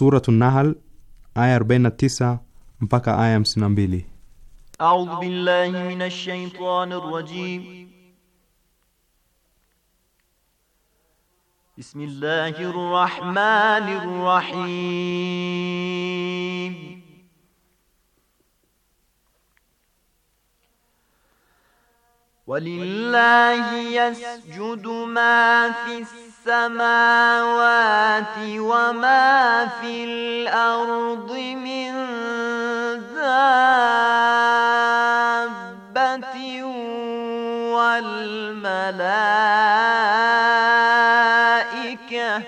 Suratu Nahl aya 49 mpaka aya 52. A'udhu billahi minash shaitanir rajim. Bismillahir rahmanir rahim. Walillahi yasjudu ma fis السماوات وما في الأرض من دابة والملائكة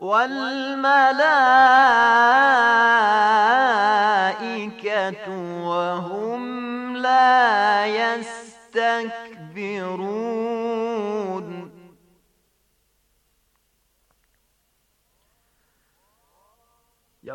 والملائكة وهم لا يسمعون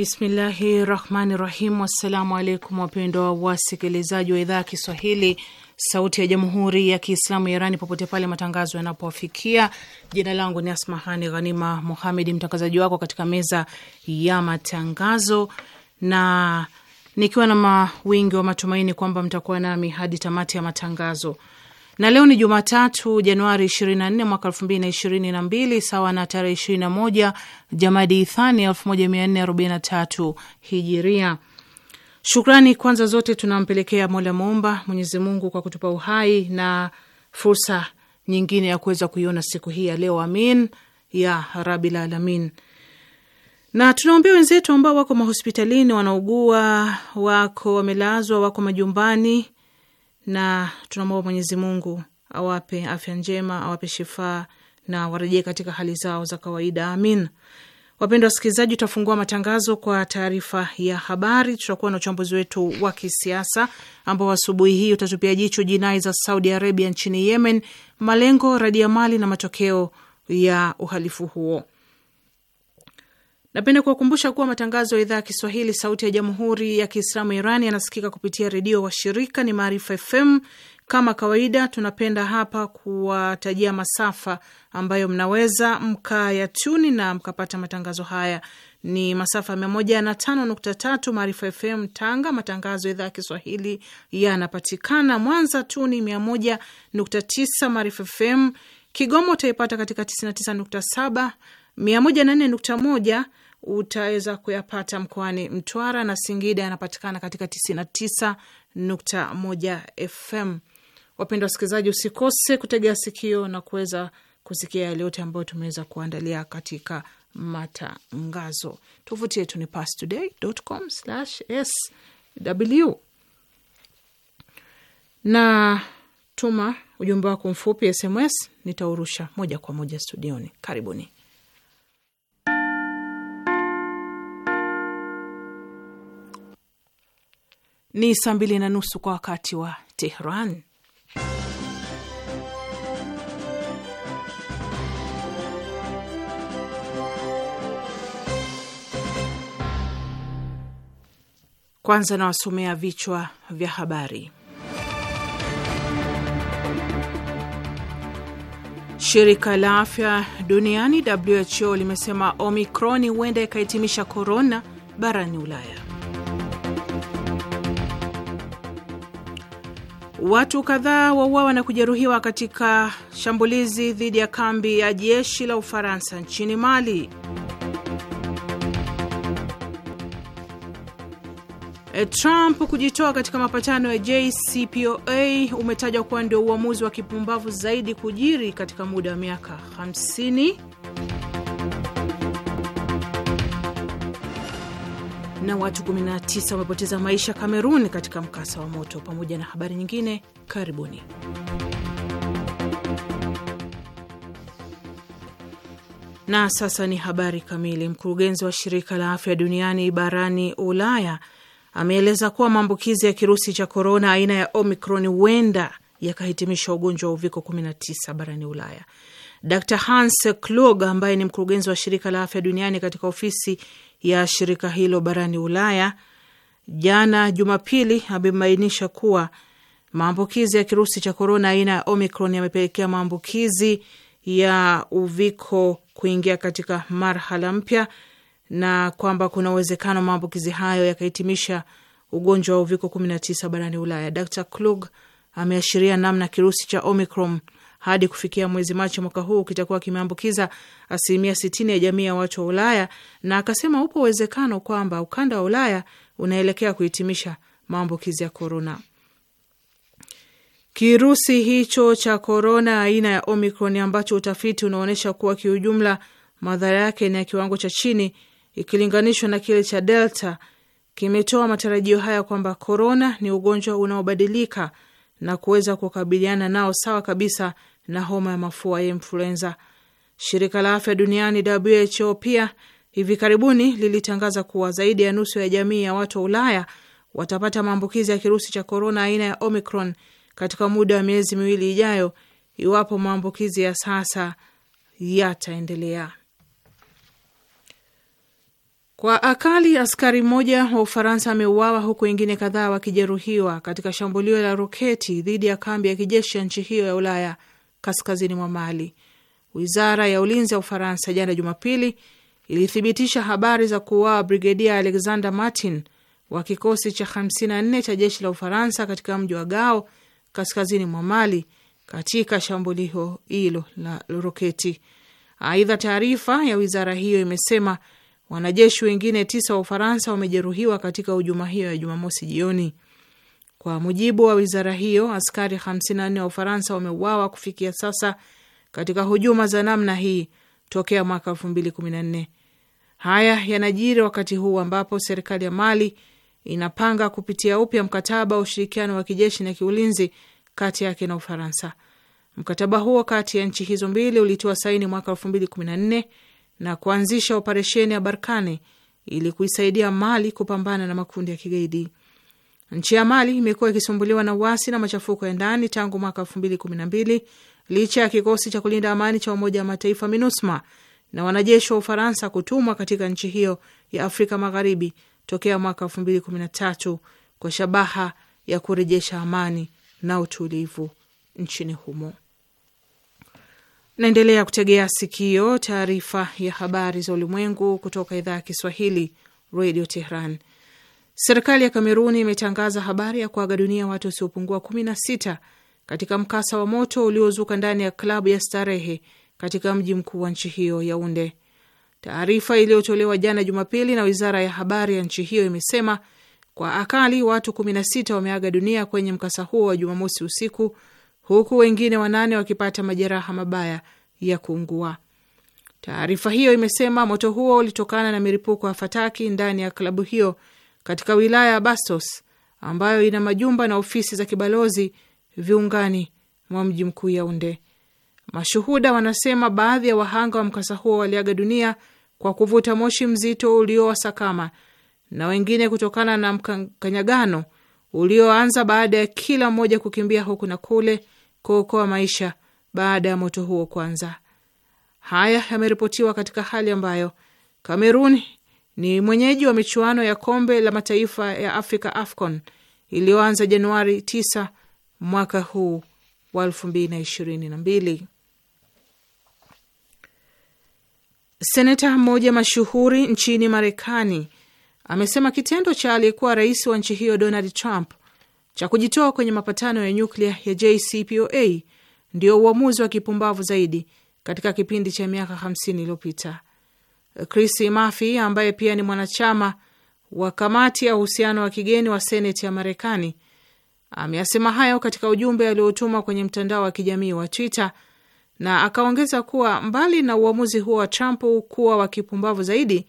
Bismillahi rahmani rahim. Wassalamu alaikum wapendwa wasikilizaji wa idhaa ya Kiswahili sauti ya jamhuri ya Kiislamu ya Irani popote pale matangazo yanapowafikia. Jina langu ni Asmahani Ghanima Muhamedi, mtangazaji wako katika meza ya matangazo, na nikiwa na mawingi wa matumaini kwamba mtakuwa nami hadi tamati ya matangazo na leo ni Jumatatu, Januari 24 mwaka 2022 sawa na tarehe 21 Jamadi Ithani 1443 Hijiria. Shukrani kwanza zote tunampelekea Mola Muumba, Mwenyezi Mungu, kwa kutupa uhai na fursa nyingine ya kuweza kuiona siku hii ya leo. Amin ya rabil alamin. Na tunaombea wenzetu ambao wako mahospitalini, wanaugua, wako wamelazwa, wako majumbani na tunamwomba Mwenyezi Mungu awape afya njema, awape shifaa na warejee katika hali zao za kawaida, amin. Wapendwa wasikilizaji, tutafungua matangazo kwa taarifa ya habari. Tutakuwa na uchambuzi wetu wa kisiasa ambao asubuhi hii utatupia jicho jinai za Saudi Arabia nchini Yemen, malengo, radiamali na matokeo ya uhalifu huo. Napenda kuwakumbusha kuwa matangazo ya idhaa ya Kiswahili sauti ya jamhuri ya Kiislamu Iran yanasikika kupitia redio wa shirika ni Maarifa FM. Kama kawaida, tunapenda hapa kuwatajia masafa ambayo mnaweza mkayatuni na mkapata matangazo haya ni masafa mia moja na tano nukta tatu Maarifa FM Tanga. Matangazo ya idhaa ya Kiswahili yanapatikana Mwanza tuni mia moja nukta tisa Maarifa FM. Kigoma utaipata katika tisini na tisa nukta saba mia moja na nne nukta moja utaweza kuyapata mkoani Mtwara na Singida yanapatikana katika 99.1 FM. Wapendwa wasikilizaji, usikose kutegea sikio na kuweza kusikia yale yote ambayo tumeweza kuandalia katika matangazo. Tovuti yetu ni pastoday.com/sw, na tuma ujumbe wako mfupi SMS, nitaurusha moja kwa moja studioni. Karibuni. Ni saa mbili na nusu kwa wakati wa Tehran. Kwanza nawasomea vichwa vya habari. Shirika la afya duniani WHO limesema Omikroni huenda ikahitimisha korona barani Ulaya. Watu kadhaa wauawa na kujeruhiwa katika shambulizi dhidi ya kambi ya jeshi la Ufaransa nchini Mali. Eh, Trump kujitoa katika mapatano ya JCPOA umetajwa kuwa ndio uamuzi wa kipumbavu zaidi kujiri katika muda wa miaka 50. na watu 19 wamepoteza maisha Kamerun katika mkasa wa moto, pamoja na habari nyingine. Karibuni. Na sasa ni habari kamili. Mkurugenzi wa shirika la afya duniani barani Ulaya ameeleza kuwa maambukizi ya kirusi cha korona aina ya Omicron huenda yakahitimisha ugonjwa wa uviko 19 barani Ulaya. Dr Hans Kluge ambaye ni mkurugenzi wa shirika la afya duniani katika ofisi ya shirika hilo barani Ulaya jana Jumapili amebainisha kuwa maambukizi ya kirusi cha korona aina ya Omicron yamepelekea maambukizi ya uviko kuingia katika marhala mpya na kwamba kuna uwezekano maambukizi hayo yakahitimisha ugonjwa wa uviko 19 barani Ulaya. Dr Klug ameashiria namna kirusi cha Omicron hadi kufikia mwezi Machi mwaka huu kitakuwa kimeambukiza asilimia sitini ya jamii ya watu wa Ulaya, na akasema upo uwezekano kwamba ukanda wa Ulaya unaelekea kuhitimisha maambukizi ya korona. Kirusi hicho cha korona aina ya Omicron ambacho utafiti unaonyesha kuwa kiujumla madhara yake ni ya kiwango cha chini ikilinganishwa na kile cha Delta, kimetoa matarajio haya kwamba korona ni ugonjwa unaobadilika na kuweza kukabiliana nao sawa kabisa na homa ya mafua ya influenza. Shirika la afya duniani WHO pia hivi karibuni lilitangaza kuwa zaidi ya nusu ya jamii ya watu wa Ulaya watapata maambukizi ya kirusi cha korona aina ya Omicron katika muda wa miezi miwili ijayo, iwapo maambukizi ya sasa yataendelea. Kwa akali askari mmoja wa Ufaransa ameuawa huku wengine kadhaa wakijeruhiwa katika shambulio la roketi dhidi ya kambi ya kijeshi ya nchi hiyo ya Ulaya kaskazini mwa Mali. Wizara ya ulinzi ya Ufaransa jana Jumapili ilithibitisha habari za kuuawa Brigedia Alexander Martin wa kikosi cha 54 cha jeshi la Ufaransa katika mji wa Gao kaskazini mwa Mali katika shambulio hilo la roketi. Aidha, taarifa ya wizara hiyo imesema Wanajeshi wengine tisa wa Ufaransa wamejeruhiwa katika hujuma hiyo ya Jumamosi jioni. Kwa mujibu wa wizara hiyo, askari 54 wa Ufaransa wameuawa kufikia sasa katika hujuma za namna hii tokea mwaka 2014. Haya yanajiri wakati huu ambapo serikali ya Mali inapanga kupitia upya mkataba wa ushirikiano wa kijeshi na kiulinzi kati yake na Ufaransa. Mkataba huo kati ya nchi hizo mbili ulitiwa saini mwaka 214 na kuanzisha operesheni ya barkani ili kuisaidia Mali kupambana na makundi ya kigaidi. Nchi ya Mali imekuwa ikisumbuliwa na uasi na machafuko ya ndani tangu mwaka elfu mbili kumi na mbili licha ya kikosi cha kulinda amani cha Umoja wa Mataifa MINUSMA na wanajeshi wa Ufaransa kutumwa katika nchi hiyo ya Afrika Magharibi tokea mwaka elfu mbili kumi na tatu kwa shabaha ya kurejesha amani na utulivu nchini humo. Naendelea kutegea sikio taarifa ya habari za ulimwengu kutoka idhaa ya Kiswahili, Radio Tehran. Serikali ya Kameruni imetangaza habari ya kuaga dunia watu wasiopungua 16 katika mkasa wa moto uliozuka ndani ya klabu ya starehe katika mji mkuu wa nchi hiyo Yaunde. Taarifa iliyotolewa jana Jumapili na wizara ya habari ya nchi hiyo imesema kwa akali watu 16 wameaga dunia kwenye mkasa huo wa Jumamosi usiku huku wengine wanane wakipata majeraha mabaya ya kuungua. Taarifa hiyo imesema moto huo ulitokana na milipuko ya fataki ndani ya klabu hiyo katika wilaya ya Bastos ambayo ina majumba na ofisi za kibalozi viungani mwa mji mkuu Yaunde. Mashuhuda wanasema baadhi ya wahanga wa mkasa huo waliaga dunia kwa kuvuta moshi mzito uliowasakama na wengine kutokana na mkanyagano mkan ulioanza baada ya kila mmoja kukimbia huku na kule kuokoa maisha baada ya moto huo kwanza. Haya yameripotiwa katika hali ambayo Kamerun ni mwenyeji wa michuano ya kombe la mataifa ya Afrika, AFCON, iliyoanza Januari 9 mwaka huu wa 2022. Seneta mmoja mashuhuri nchini Marekani amesema kitendo cha aliyekuwa rais wa nchi hiyo Donald Trump cha kujitoa kwenye mapatano ya nyuklia ya JCPOA ndio uamuzi wa kipumbavu zaidi katika kipindi cha miaka 50 iliyopita. Chris Murphy ambaye pia ni mwanachama wa kamati ya uhusiano wa kigeni wa seneti ya Marekani ameyasema hayo katika ujumbe aliotuma kwenye mtandao wa kijamii wa Twitter na akaongeza kuwa mbali na uamuzi huo wa Trump kuwa wa kipumbavu zaidi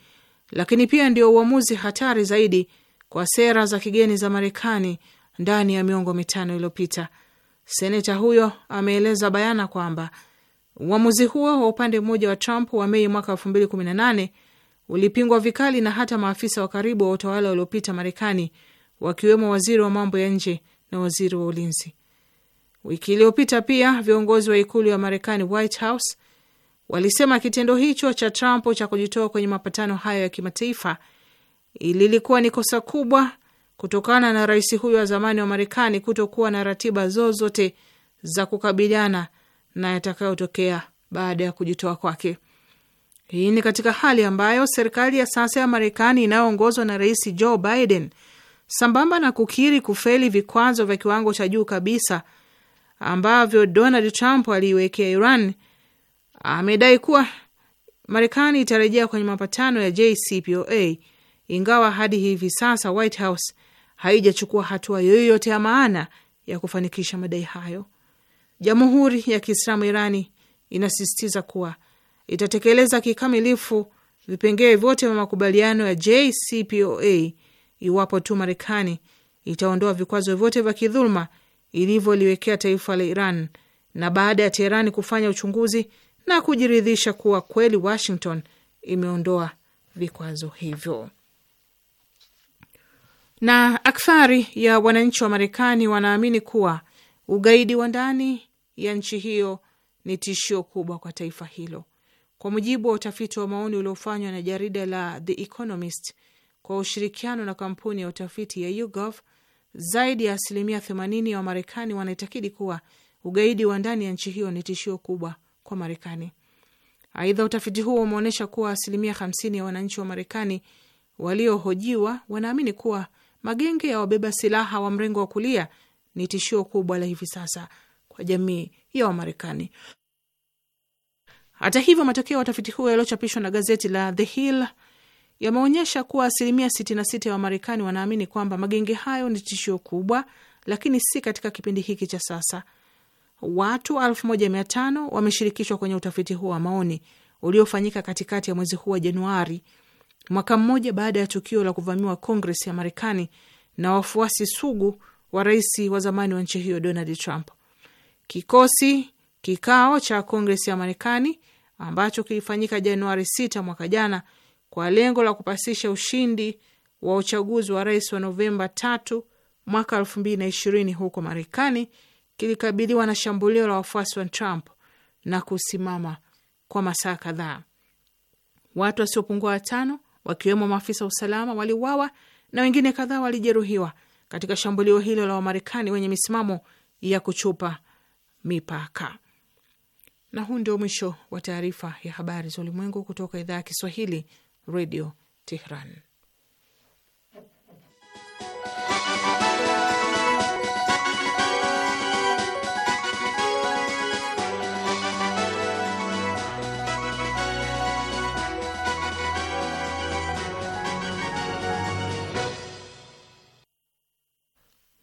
lakini pia ndio uamuzi hatari zaidi kwa sera za kigeni za Marekani ndani ya miongo mitano iliyopita. Seneta huyo ameeleza bayana kwamba uamuzi huo wa upande mmoja wa Trump wa Mei mwaka 2018 ulipingwa vikali na hata maafisa wa karibu wa utawala uliopita Marekani, wakiwemo waziri wa mambo ya nje na waziri wa ulinzi. Wiki iliyopita pia viongozi wa ikulu ya Marekani, White House, walisema kitendo hicho cha Trump cha kujitoa kwenye mapatano hayo ya kimataifa lilikuwa ni kosa kubwa kutokana na rais huyo wa zamani wa Marekani kutokuwa na ratiba zozote za kukabiliana na yatakayotokea baada ya kujitoa kwake. Hii ni katika hali ambayo serikali ya sasa ya Marekani inayoongozwa na Rais Joe Biden, sambamba na kukiri kufeli vikwazo vya kiwango cha juu kabisa ambavyo Donald Trump aliiwekea Iran amedai kuwa Marekani itarejea kwenye mapatano ya JCPOA ingawa hadi hivi sasa White House haijachukua hatua yoyote ya maana ya kufanikisha madai hayo. Jamhuri ya Kiislamu Irani inasisitiza kuwa itatekeleza kikamilifu vipengee vyote vya makubaliano ya JCPOA iwapo tu Marekani itaondoa vikwazo vyote vya kidhuluma ilivyoliwekea taifa la Iran na baada ya Teherani kufanya uchunguzi na kujiridhisha kuwa kweli Washington imeondoa vikwazo hivyo. Na akthari ya wananchi wa Marekani wanaamini kuwa ugaidi wa ndani ya nchi hiyo ni tishio kubwa kwa taifa hilo. Kwa mujibu wa utafiti wa maoni uliofanywa na jarida la The Economist kwa ushirikiano na kampuni ya utafiti ya YouGov, zaidi ya asilimia 80 ya Wamarekani wanaitakidi kuwa ugaidi wa ndani ya nchi hiyo ni tishio kubwa kwa Marekani. Aidha, utafiti huo umeonyesha kuwa asilimia 50 ya wananchi wa Marekani waliohojiwa wanaamini kuwa magenge ya wabeba silaha wa mrengo wa kulia ni tishio kubwa la hivi sasa kwa jamii ya Wamarekani. Hata hivyo, matokeo ya utafiti huo yaliyochapishwa na gazeti la The Hill yameonyesha kuwa asilimia 66 ya Wamarekani wanaamini kwamba magenge hayo ni tishio kubwa, lakini si katika kipindi hiki cha sasa watu 1500 wameshirikishwa kwenye utafiti huo wa maoni uliofanyika katikati ya mwezi huu wa Januari, mwaka mmoja baada ya tukio la kuvamiwa Kongres ya Marekani na wafuasi sugu wa rais wa zamani wa nchi hiyo Donald Trump. Kikosi kikao cha Kongres ya Marekani ambacho kilifanyika Januari 6 mwaka jana kwa lengo la kupasisha ushindi wa uchaguzi wa rais wa Novemba 3 mwaka 2020 huko Marekani kilikabiliwa na shambulio la wafuasi wa Trump na kusimama kwa masaa kadhaa. Watu wasiopungua watano wakiwemo maafisa wa usalama waliuawa na wengine kadhaa walijeruhiwa katika shambulio hilo la Wamarekani wenye misimamo ya kuchupa mipaka. Na huu ndio mwisho wa taarifa ya habari za ulimwengu kutoka idhaa ya Kiswahili, Radio Tehran.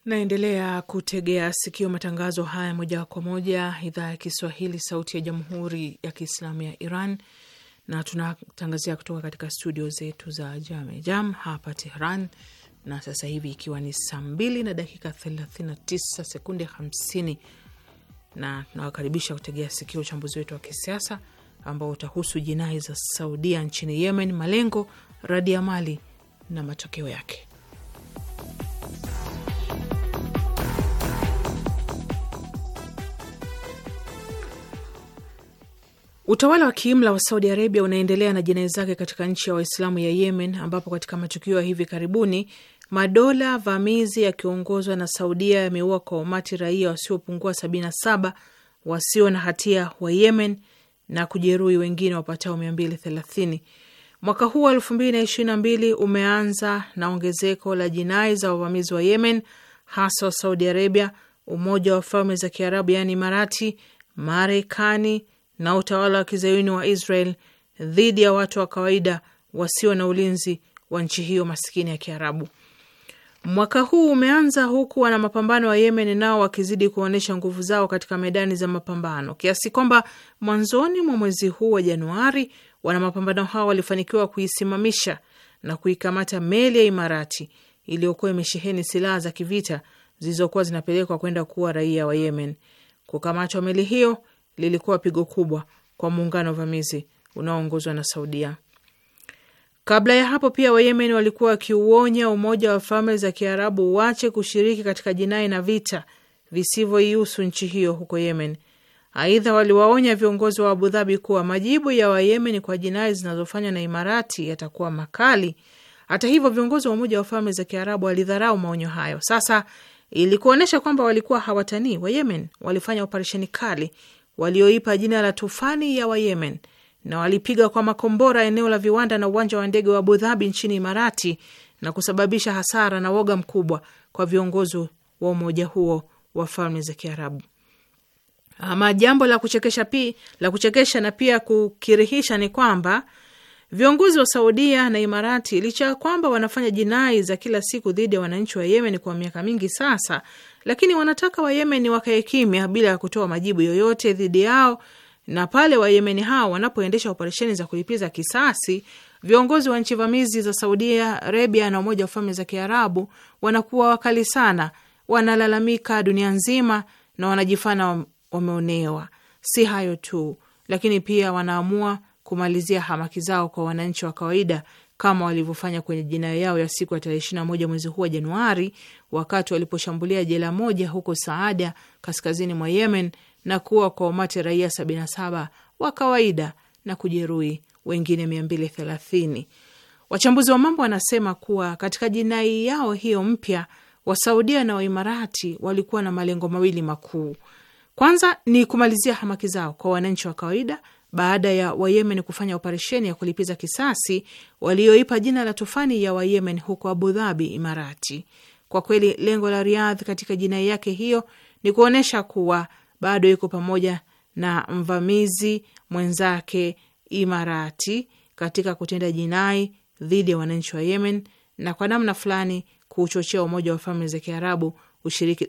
Naendelea kutegea sikio matangazo haya moja kwa moja, idhaa ya Kiswahili, sauti ya jamhuri ya kiislamu ya Iran, na tunatangazia kutoka katika studio zetu za Jame Jam hapa Tehran, na sasa hivi ikiwa ni saa mbili na dakika 39 sekunde 50, na tunawakaribisha kutegea sikio uchambuzi wetu wa kisiasa ambao utahusu jinai za Saudia nchini Yemen, malengo, mali na matokeo yake. Utawala wa kiimla wa Saudi Arabia unaendelea na jinai zake katika nchi ya Waislamu ya Yemen, ambapo katika matukio ya hivi karibuni madola vamizi yakiongozwa na Saudia yameua kwa umati raia wasiopungua 77 wasio na hatia wa Yemen na kujeruhi wengine wapatao 230. Mwaka huu wa 2022 umeanza na ongezeko la jinai za wavamizi wa Yemen, hasa wa Saudi Arabia, Umoja wa Falme za Kiarabu yaani Imarati, Marekani, na utawala wa kizayuni wa Israel dhidi ya watu wa kawaida wasio na ulinzi wa nchi hiyo masikini ya Kiarabu. Mwaka huu umeanza huku wana mapambano wa Yemen nao wakizidi kuonyesha nguvu zao katika medani za mapambano, kiasi kwamba mwanzoni mwa mwezi huu wa Januari wana mapambano hao walifanikiwa kuisimamisha na kuikamata meli ya Imarati iliyokuwa imesheheni silaha za kivita zilizokuwa zinapelekwa kwenda kuwa raia wa Yemen. Kukamatwa meli hiyo lilikuwa pigo kubwa kwa muungano wa unaoongozwa na Saudia. Kabla ya hapo pia, Wayemen walikuwa wakiuonya Umoja wa Falme za Kiarabu uache kushiriki katika jinai na vita visivyoihusu nchi hiyo huko Yemen. Aidha, waliwaonya viongozi wa Abu Dhabi kuwa majibu ya Wayemen kwa jinai zinazofanywa na Imarati yatakuwa makali. Hata hivyo, viongozi wa Umoja wa Falme za Kiarabu walidharau maonyo hayo. Sasa ili kuonyesha kwamba walikuwa hawatanii, Wayemen walifanya operesheni kali walioipa jina la tufani ya Wayemen na walipiga kwa makombora eneo la viwanda na uwanja wa ndege wa Abu Dhabi nchini Imarati na kusababisha hasara na woga mkubwa kwa viongozi wa umoja huo wa falme za Kiarabu. Ama jambo la kuchekesha pi, la kuchekesha na pia kukirihisha ni kwamba Viongozi wa Saudia na Imarati, licha ya kwamba wanafanya jinai za kila siku dhidi ya wananchi wa Yemen kwa miaka mingi sasa, lakini wanataka Wayemen wakae kimya bila ya kutoa majibu yoyote dhidi yao, na pale Wayemen hao wanapoendesha operesheni za kulipiza kisasi, viongozi wa nchi vamizi za Saudia Arabia na Umoja wa Falme za Kiarabu wanakuwa wakali sana, wanalalamika dunia nzima na wanajifana wameonewa. Si hayo tu, lakini pia wanaamua kumalizia hamaki zao kwa wananchi wa kawaida kama walivyofanya kwenye jinai yao ya siku ya tarehe ishirini na moja mwezi huu wa Januari wakati waliposhambulia jela moja huko Saada kaskazini mwa Yemen na kuwa kwa umati raia saba wa kawaida na kujeruhi wengine thelathini. Wachambuzi wa mambo wanasema kuwa katika jinai yao hiyo mpya Wasaudia na Waimarati walikuwa na malengo mawili makuu. Kwanza ni kumalizia hamaki zao kwa wananchi wa kawaida baada ya Wayemen kufanya operesheni ya kulipiza kisasi walioipa jina la tufani ya Wayemen huko Abu Dhabi, Imarati. Kwa kweli lengo la Riadh katika jinai yake hiyo ni kuonyesha kuwa bado iko pamoja na mvamizi mwenzake Imarati katika kutenda jinai dhidi ya wananchi wa Yemen na kwa namna fulani kuuchochea Umoja wa Falme za Kiarabu ushiriki,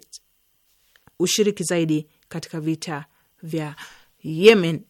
ushiriki zaidi katika vita vya Yemen.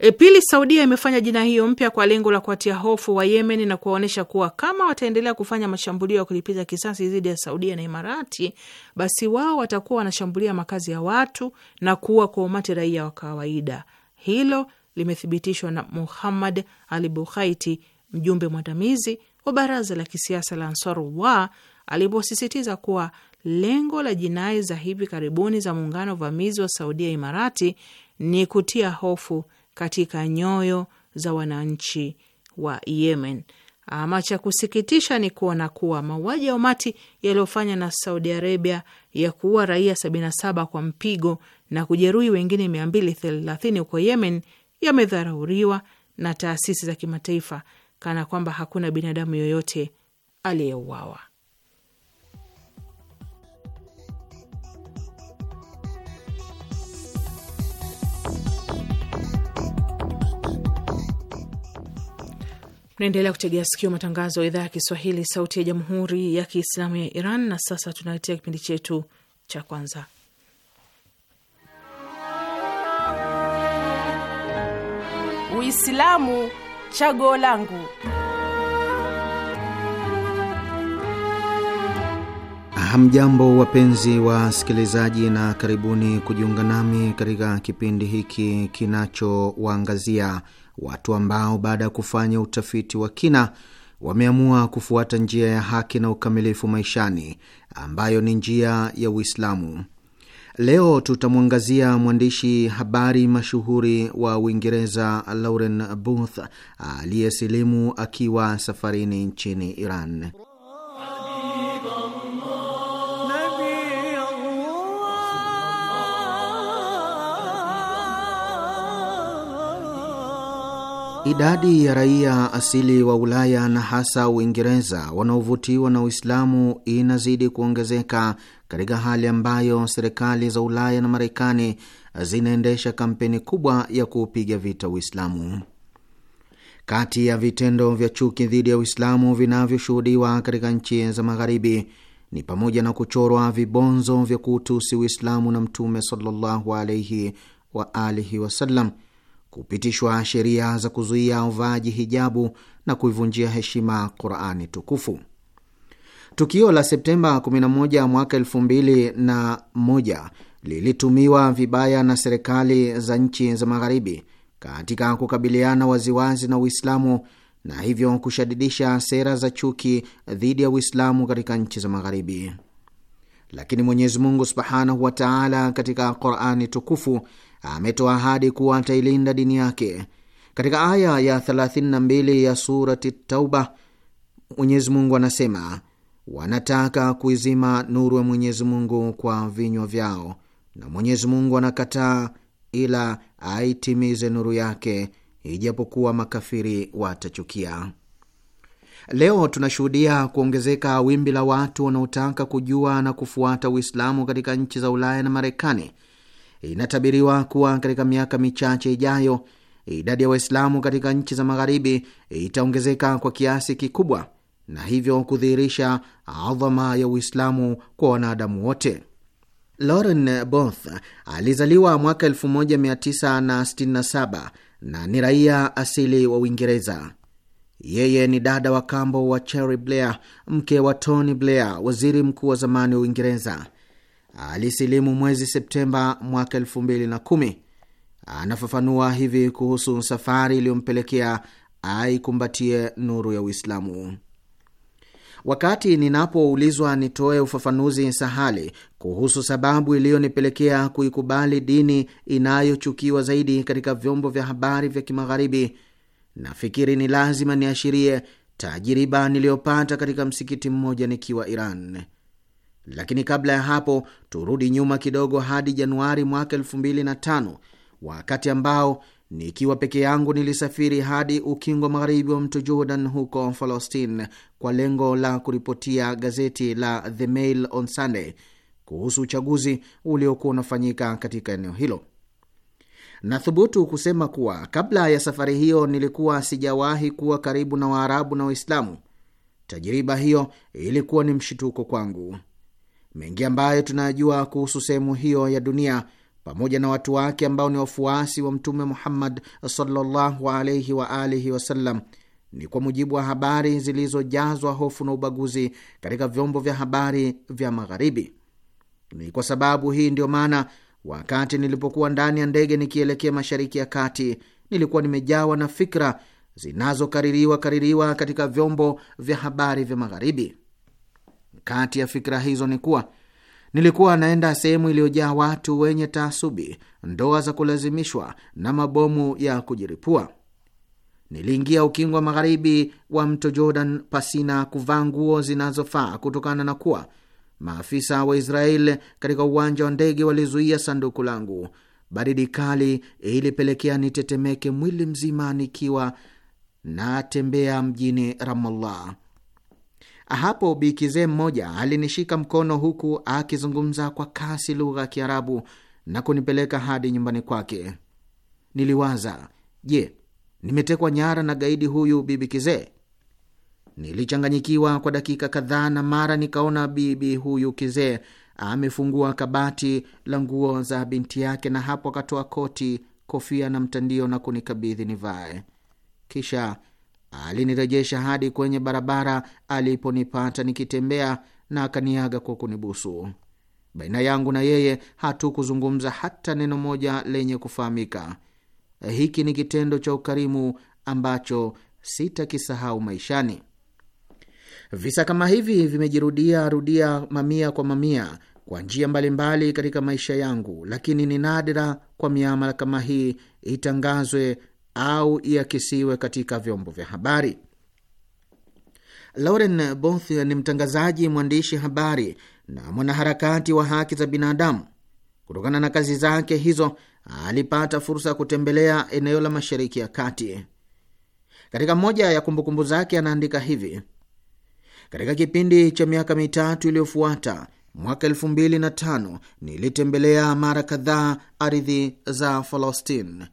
E, pili, Saudia imefanya jina hiyo mpya kwa lengo la kuwatia hofu wa Yemen na kuwaonyesha kuwa kama wataendelea kufanya mashambulio ya kulipiza kisasi dhidi ya Saudia na Imarati, basi wao watakuwa wanashambulia makazi ya watu na kuua kwa umati raia wa kawaida. Hilo limethibitishwa na Muhammad Ali Bukhaiti, mjumbe mwandamizi wa baraza la kisiasa la Ansarullah, aliposisitiza kuwa lengo la jinai za hivi karibuni za muungano wa uvamizi wa Saudia Imarati ni kutia hofu katika nyoyo za wananchi wa Yemen. Ama cha kusikitisha ni kuona kuwa mauaji ya umati yaliyofanywa na Saudi Arabia ya kuua raia 77 kwa mpigo na kujeruhi wengine 230 huko Yemen yamedharauriwa na taasisi za kimataifa kana kwamba hakuna binadamu yoyote aliyeuawa. Mnaendelea kutegea sikio matangazo ya idhaa ya Kiswahili, sauti ya jamhuri ya kiislamu ya Iran. Na sasa tunaletea kipindi chetu cha kwanza, Uislamu chaguo langu. Hamjambo, wapenzi wa sikilizaji, na karibuni kujiunga nami katika kipindi hiki kinachowaangazia watu ambao baada ya kufanya utafiti wa kina wameamua kufuata njia ya haki na ukamilifu maishani ambayo ni njia ya Uislamu. Leo tutamwangazia mwandishi habari mashuhuri wa Uingereza Lauren Booth aliyesilimu akiwa safarini nchini Iran. Idadi ya raia asili wa Ulaya na hasa Uingereza wanaovutiwa na Uislamu inazidi kuongezeka katika hali ambayo serikali za Ulaya na Marekani zinaendesha kampeni kubwa ya kuupiga vita Uislamu. Kati ya vitendo vya chuki dhidi ya Uislamu vinavyoshuhudiwa katika nchi za Magharibi ni pamoja na kuchorwa vibonzo vya kuutusi Uislamu na Mtume sallallahu alaihi wa alihi wasallam kupitishwa sheria za kuzuia uvaaji hijabu na kuivunjia heshima Qurani tukufu. Tukio la Septemba 11 mwaka 2001 lilitumiwa vibaya na serikali za nchi za Magharibi katika kukabiliana waziwazi na Uislamu na hivyo kushadidisha sera za chuki dhidi ya Uislamu katika nchi za Magharibi. Lakini Mwenyezi Mungu subhanahu wa taala katika Qurani tukufu ametoa ahadi kuwa atailinda dini yake. Katika aya ya 32 ya surati Tauba, Mwenyezi Mungu anasema wanataka kuizima nuru ya Mwenyezi Mungu kwa vinywa vyao, na Mwenyezi Mungu anakataa ila aitimize nuru yake, ijapokuwa makafiri watachukia. Leo tunashuhudia kuongezeka wimbi la watu wanaotaka kujua na kufuata Uislamu katika nchi za Ulaya na Marekani Inatabiriwa kuwa katika miaka michache ijayo idadi ya Waislamu katika nchi za magharibi itaongezeka kwa kiasi kikubwa na hivyo kudhihirisha adhama ya Uislamu kwa wanadamu wote. Lauren Both alizaliwa mwaka 1967 na ni raia asili wa Uingereza. Yeye ni dada wa kambo wa Chery Blair, mke wa Tony Blair, waziri mkuu wa zamani wa Uingereza alisilimu mwezi Septemba mwaka 2010. Anafafanua hivi kuhusu safari iliyompelekea aikumbatie nuru ya Uislamu. Wakati ninapoulizwa nitoe ufafanuzi sahali kuhusu sababu iliyonipelekea kuikubali dini inayochukiwa zaidi katika vyombo vya habari vya Kimagharibi, nafikiri ni lazima niashirie tajiriba niliyopata katika msikiti mmoja nikiwa Iran. Lakini kabla ya hapo turudi nyuma kidogo hadi Januari mwaka 2005 wakati ambao nikiwa peke yangu nilisafiri hadi ukingo magharibi wa mto Jordan huko Palestine kwa lengo la kuripotia gazeti la The Mail on Sunday kuhusu uchaguzi uliokuwa unafanyika katika eneo hilo. Nathubutu kusema kuwa kabla ya safari hiyo nilikuwa sijawahi kuwa karibu na Waarabu na Waislamu. Tajiriba hiyo ilikuwa ni mshituko kwangu. Mengi ambayo tunayajua kuhusu sehemu hiyo ya dunia pamoja na watu wake ambao ni wafuasi wa Mtume Muhammad sallallahu alaihi wa alihi wasallam ni kwa mujibu wa habari zilizojazwa hofu na ubaguzi katika vyombo vya habari vya Magharibi. Ni kwa sababu hii ndiyo maana wakati nilipokuwa ndani ya ndege nikielekea Mashariki ya Kati, nilikuwa nimejawa na fikra zinazokaririwa kaririwa katika vyombo vya habari vya Magharibi. Kati ya fikra hizo ni kuwa nilikuwa naenda sehemu iliyojaa watu wenye taasubi, ndoa za kulazimishwa na mabomu ya kujiripua. Niliingia ukingo wa magharibi wa mto Jordan pasina kuvaa nguo zinazofaa kutokana na kuwa maafisa wa Israel katika uwanja wa ndege walizuia sanduku langu. Baridi kali ilipelekea nitetemeke mwili mzima nikiwa natembea mjini Ramallah. Hapo bikizee mmoja alinishika mkono huku akizungumza kwa kasi lugha ya Kiarabu na kunipeleka hadi nyumbani kwake. Niliwaza, je, nimetekwa nyara na gaidi huyu bibi kizee? Nilichanganyikiwa kwa dakika kadhaa, na mara nikaona bibi huyu kizee amefungua kabati la nguo za binti yake, na hapo akatoa koti, kofia na mtandio na kunikabidhi nivae. Kisha alinirejesha hadi kwenye barabara aliponipata nikitembea na akaniaga kwa kunibusu. Baina yangu na yeye hatukuzungumza hata neno moja lenye kufahamika. Hiki ni kitendo cha ukarimu ambacho sitakisahau maishani. Visa kama hivi vimejirudia rudia mamia kwa mamia kwa njia mbalimbali katika maisha yangu, lakini ni nadra kwa miamala kama hii itangazwe au iakisiwe katika vyombo vya habari. Lauren Both ni mtangazaji, mwandishi habari na mwanaharakati wa haki za binadamu. Kutokana na kazi zake hizo, alipata fursa ya kutembelea eneo la Mashariki ya Kati. Katika moja ya kumbukumbu zake anaandika hivi: katika kipindi cha miaka mitatu iliyofuata, mwaka elfu mbili na tano, nilitembelea mara kadhaa ardhi za Palestina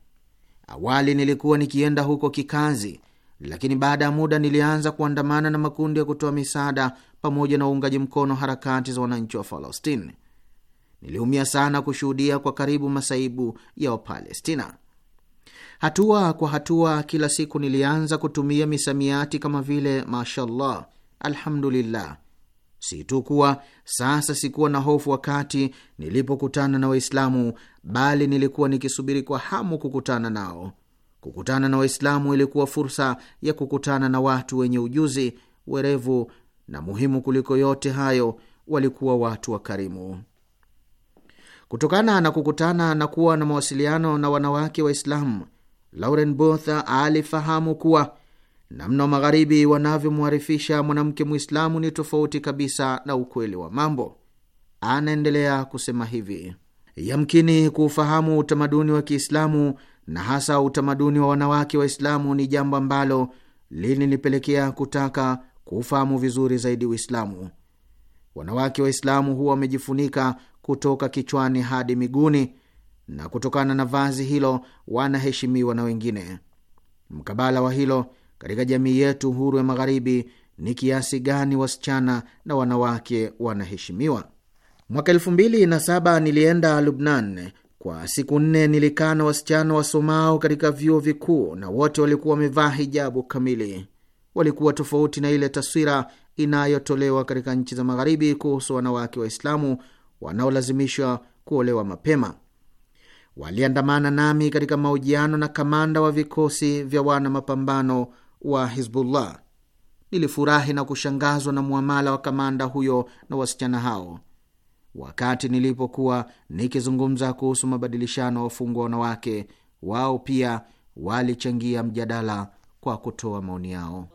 Awali nilikuwa nikienda huko kikazi, lakini baada ya muda nilianza kuandamana na makundi ya kutoa misaada pamoja na uungaji mkono harakati za wananchi wa Palestina. Niliumia sana kushuhudia kwa karibu masaibu ya Wapalestina. Hatua kwa hatua, kila siku nilianza kutumia misamiati kama vile mashallah, alhamdulillah Si tu kuwa sasa sikuwa na hofu wakati nilipokutana na Waislamu, bali nilikuwa nikisubiri kwa hamu kukutana nao. Kukutana na Waislamu ilikuwa fursa ya kukutana na watu wenye ujuzi, werevu na muhimu kuliko yote hayo, walikuwa watu wakarimu. Kutokana na kukutana na kuwa na mawasiliano na wanawake Waislamu, Lauren Botha alifahamu kuwa namna wa Magharibi wanavyomwarifisha mwanamke Mwislamu ni tofauti kabisa na ukweli wa mambo. Anaendelea kusema hivi: yamkini kuufahamu utamaduni wa Kiislamu na hasa utamaduni wa wanawake Waislamu ni jambo ambalo lilinipelekea kutaka kuufahamu vizuri zaidi Uislamu. Wanawake Waislamu huwa wamejifunika kutoka kichwani hadi miguuni, na kutokana na vazi hilo wanaheshimiwa na wengine. Mkabala wa hilo katika jamii yetu huru ya Magharibi ni kiasi gani wasichana na wanawake wanaheshimiwa. Mwaka elfu mbili na saba nilienda Lubnan kwa siku nne. Nilikaa na wasichana wasomao katika vyuo vikuu na wote walikuwa wamevaa hijabu kamili. Walikuwa tofauti na ile taswira inayotolewa katika nchi za Magharibi kuhusu wanawake Waislamu wanaolazimishwa kuolewa mapema. Waliandamana nami katika mahojiano na kamanda wa vikosi vya wana mapambano wa Hizbullah. Nilifurahi na kushangazwa na mwamala wa kamanda huyo na wasichana hao. Wakati nilipokuwa nikizungumza kuhusu mabadilishano ya wafungwa wanawake, wao pia walichangia mjadala kwa kutoa maoni yao.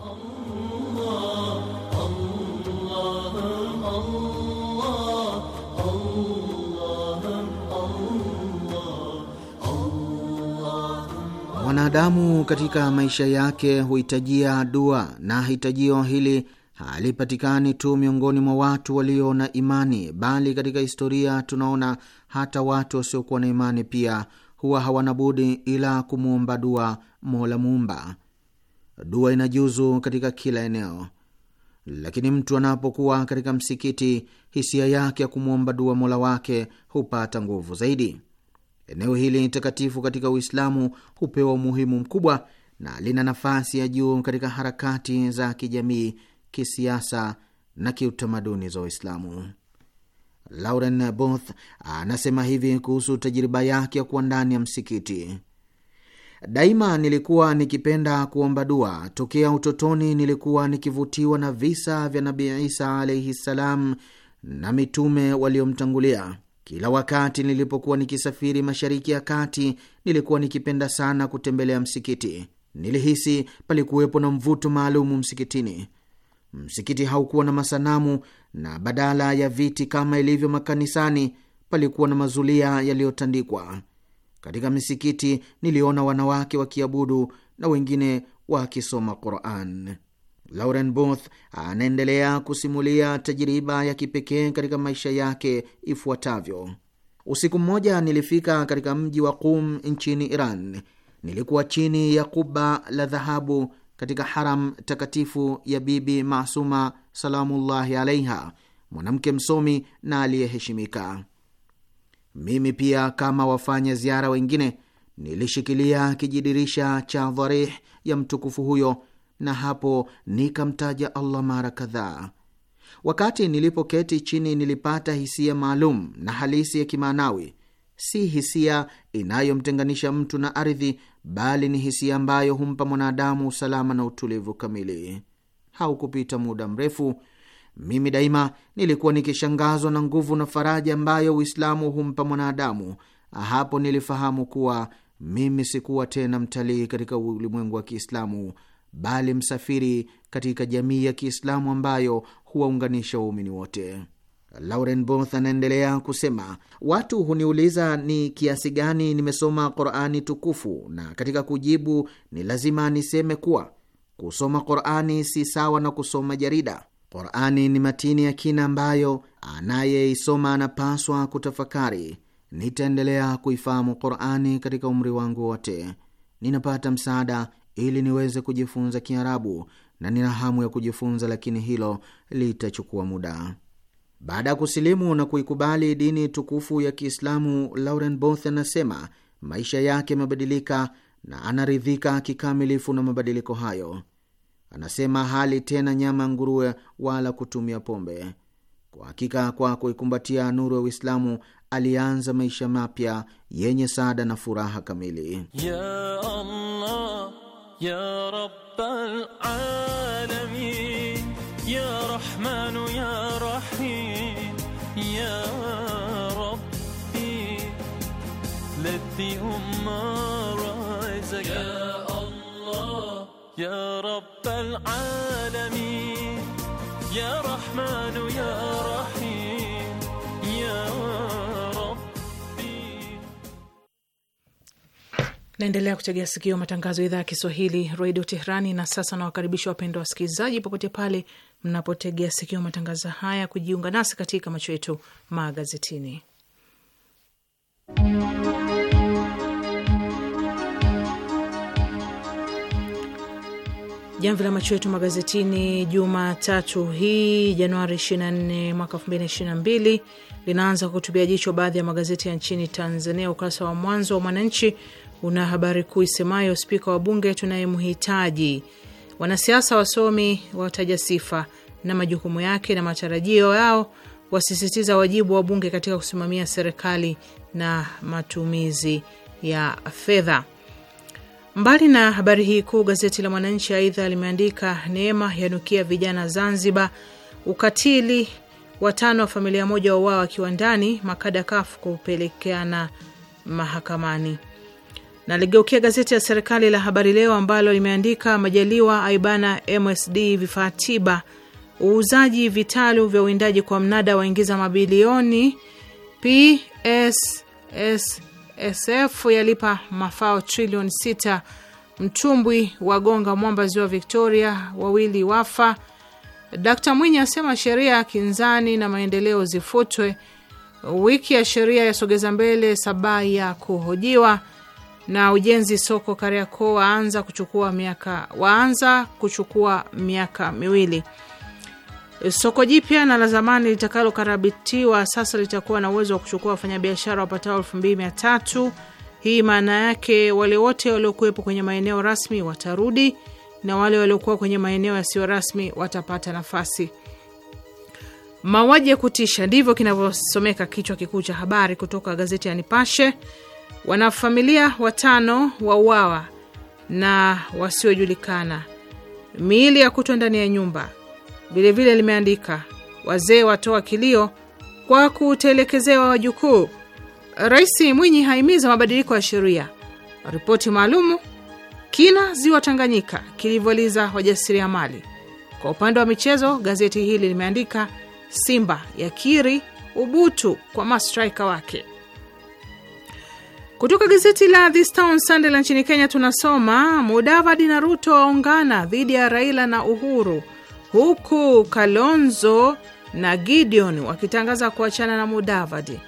Allah. Mwanadamu katika maisha yake huhitajia dua, na hitajio hili halipatikani tu miongoni mwa watu walio na imani, bali katika historia tunaona hata watu wasiokuwa na imani pia huwa hawana budi ila kumwomba dua Mola Muumba. Dua inajuzu katika kila eneo, lakini mtu anapokuwa katika msikiti, hisia yake ya kumwomba dua mola wake hupata nguvu zaidi. Eneo hili ni takatifu katika Uislamu hupewa umuhimu mkubwa na lina nafasi ya juu katika harakati za kijamii, kisiasa na kiutamaduni za Waislamu. Lauren Both anasema hivi kuhusu tajiriba yake ya kuwa ndani ya msikiti: Daima nilikuwa nikipenda kuomba dua. Tokea utotoni nilikuwa nikivutiwa na visa vya Nabii Isa alaihi ssalam na mitume waliomtangulia. Kila wakati nilipokuwa nikisafiri Mashariki ya Kati, nilikuwa nikipenda sana kutembelea msikiti. Nilihisi palikuwepo na mvuto maalumu msikitini. Msikiti haukuwa na masanamu na badala ya viti kama ilivyo makanisani, palikuwa na mazulia yaliyotandikwa. Katika misikiti niliona wanawake wakiabudu na wengine wakisoma Quran. Lauren Booth anaendelea kusimulia tajiriba ya kipekee katika maisha yake ifuatavyo: usiku mmoja nilifika katika mji wa Qum nchini Iran. Nilikuwa chini ya kuba la dhahabu katika haram takatifu ya Bibi Masuma salamullahi alaiha, mwanamke msomi na aliyeheshimika. Mimi pia kama wafanya ziara wengine nilishikilia kijidirisha cha dharih ya mtukufu huyo na hapo nikamtaja Allah mara kadhaa. Wakati nilipoketi chini, nilipata hisia maalum na halisi ya kimaanawi, si hisia inayomtenganisha mtu na ardhi, bali ni hisia ambayo humpa mwanadamu usalama na utulivu kamili. Haukupita muda mrefu, mimi daima nilikuwa nikishangazwa na nguvu na faraja ambayo Uislamu humpa mwanadamu. Hapo nilifahamu kuwa mimi sikuwa tena mtalii katika ulimwengu wa Kiislamu bali msafiri katika jamii ya Kiislamu ambayo huwaunganisha waumini wote. Lauren Both anaendelea kusema, watu huniuliza ni kiasi gani nimesoma Qurani tukufu, na katika kujibu ni lazima niseme kuwa kusoma Qurani si sawa na kusoma jarida. Qurani ni matini ya kina ambayo anayeisoma anapaswa kutafakari. Nitaendelea kuifahamu Qurani katika umri wangu wote. Ninapata msaada ili niweze kujifunza Kiarabu na nina hamu ya kujifunza, lakini hilo litachukua muda. Baada ya kusilimu na kuikubali dini tukufu ya Kiislamu, Lauren Both anasema maisha yake yamebadilika na anaridhika kikamilifu na mabadiliko hayo. Anasema hali tena nyama nguruwe wala kutumia pombe. Kwa hakika, kwa kuikumbatia nuru ya Uislamu alianza maisha mapya yenye saada na furaha kamili ya Allah. يا رب العالمين يا رحمن يا رحيم يا ربي لذي هم رزقك يا الله يا رب العالمين يا رحمن يا رحيم Naendelea kutegea sikio matangazo ya idhaa ya Kiswahili redio Teherani. Na sasa nawakaribisha wapendwa wasikilizaji, popote pale mnapotegea sikio matangazo haya, kujiunga nasi katika macho yetu magazetini. Jamvi la macho yetu magazetini Jumatatu hii Januari 24 mwaka 2022 linaanza kutupia jicho baadhi ya magazeti ya nchini Tanzania. Ukurasa wa mwanzo wa Mwananchi una habari kuu isemayo spika wa bunge tunayemhitaji, wanasiasa wasomi wataja sifa na majukumu yake na matarajio yao, wasisitiza wajibu wa bunge katika kusimamia serikali na matumizi ya fedha. Mbali na habari hii kuu, gazeti la Mwananchi aidha limeandika neema yanukia vijana Zanzibar, ukatili watano wa familia moja wauawa akiwa ndani, makada kafu kupelekeana mahakamani. Naligeukia gazeti la serikali la Habari Leo ambalo limeandika Majaliwa aibana MSD vifaa tiba, uuzaji vitalu vya uwindaji kwa mnada waingiza mabilioni, PSSSF yalipa mafao trilioni sita, mtumbwi wagonga mwamba ziwa Victoria, wawili wafa, Dkt Mwinyi asema sheria ya kinzani na maendeleo zifutwe, wiki ya sheria yasogeza mbele, Sabaa ya kuhojiwa na ujenzi soko Kariakoo waanza kuchukua miaka waanza kuchukua miaka miwili. Soko jipya na la zamani litakalokarabitiwa sasa litakuwa na uwezo wa kuchukua wafanyabiashara wapatao elfu mbili mia tatu. Hii maana yake wale wote waliokuwepo kwenye maeneo rasmi watarudi na wale waliokuwa kwenye maeneo yasiyo rasmi watapata nafasi. Mauaji ya kutisha, ndivyo kinavyosomeka kichwa kikuu cha habari kutoka gazeti ya Nipashe Wanafamilia watano wauawa na wasiojulikana, miili ya kutwa ndani ya nyumba. Vilevile limeandika wazee watoa kilio kwa kutelekezewa wajukuu. Rais Mwinyi haimiza mabadiliko ya sheria. Ripoti maalumu kina ziwa Tanganyika kilivyoliza wajasiriamali. Kwa upande wa michezo, gazeti hili limeandika Simba yakiri ubutu kwa mastraika wake. Kutoka gazeti la This Town Sunday la nchini Kenya tunasoma Mudavadi na Ruto waungana dhidi ya Raila na Uhuru, huku Kalonzo na Gideon wakitangaza kuachana na Mudavadi.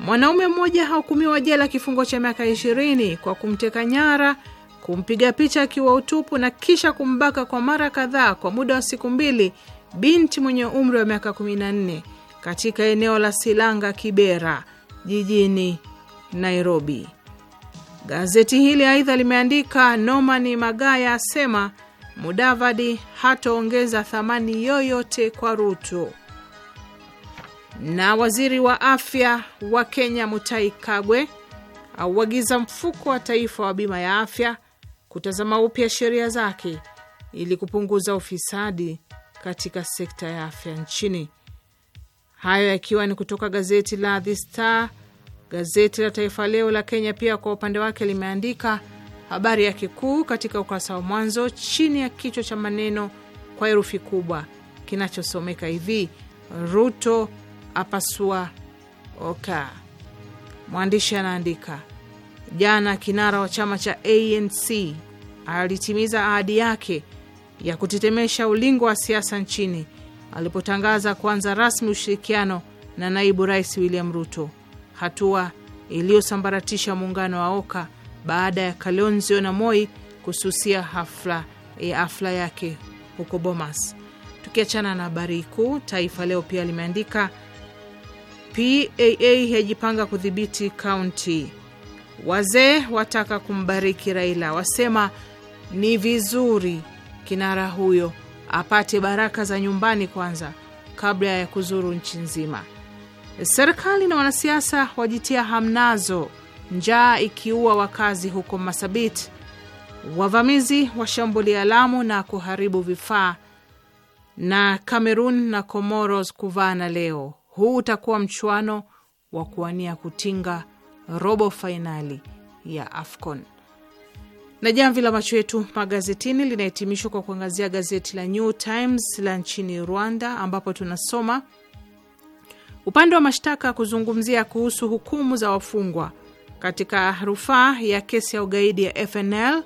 Mwanaume mmoja hahukumiwa jela kifungo cha miaka 20 kwa kumteka nyara, kumpiga picha akiwa utupu na kisha kumbaka kwa mara kadhaa kwa muda wa siku mbili binti mwenye umri wa miaka 14 katika eneo la Silanga Kibera jijini Nairobi. Gazeti hili aidha limeandika Norman Magaya asema Mudavadi hataongeza thamani yoyote kwa Ruto, na waziri wa afya wa Kenya Mutai Kagwe auagiza mfuko wa taifa wa bima ya afya kutazama upya sheria zake ili kupunguza ufisadi katika sekta ya afya nchini. Hayo yakiwa ni kutoka gazeti la The Star Gazeti la Taifa Leo la Kenya pia kwa upande wake limeandika habari yake kuu katika ukurasa wa mwanzo chini ya kichwa cha maneno kwa herufi kubwa kinachosomeka hivi: Ruto apasua oka. Mwandishi anaandika jana, kinara wa chama cha ANC alitimiza ahadi yake ya kutetemesha ulingo wa siasa nchini alipotangaza kuanza rasmi ushirikiano na naibu rais William Ruto hatua iliyosambaratisha muungano wa Oka baada ya Kalonzo na Moi kususia hafla ya eh, hafla yake huko Bomas. Tukiachana na habari kuu, Taifa Leo pia limeandika PAA yajipanga kudhibiti kaunti. Wazee wataka kumbariki Raila, wasema ni vizuri kinara huyo apate baraka za nyumbani kwanza kabla ya kuzuru nchi nzima. Serikali na wanasiasa wajitia hamnazo, njaa ikiua wakazi huko Masabit. Wavamizi washambulia Lamu na kuharibu vifaa, na cameron na Comoros na leo. Huu utakuwa mchuano wa kuwania kutinga robo fainali ya AFCON. Na jamvi la macho yetu magazetini linahitimishwa kwa kuangazia gazeti la New Times la nchini Rwanda, ambapo tunasoma upande wa mashtaka kuzungumzia kuhusu hukumu za wafungwa katika rufaa ya kesi ya ugaidi ya FNL.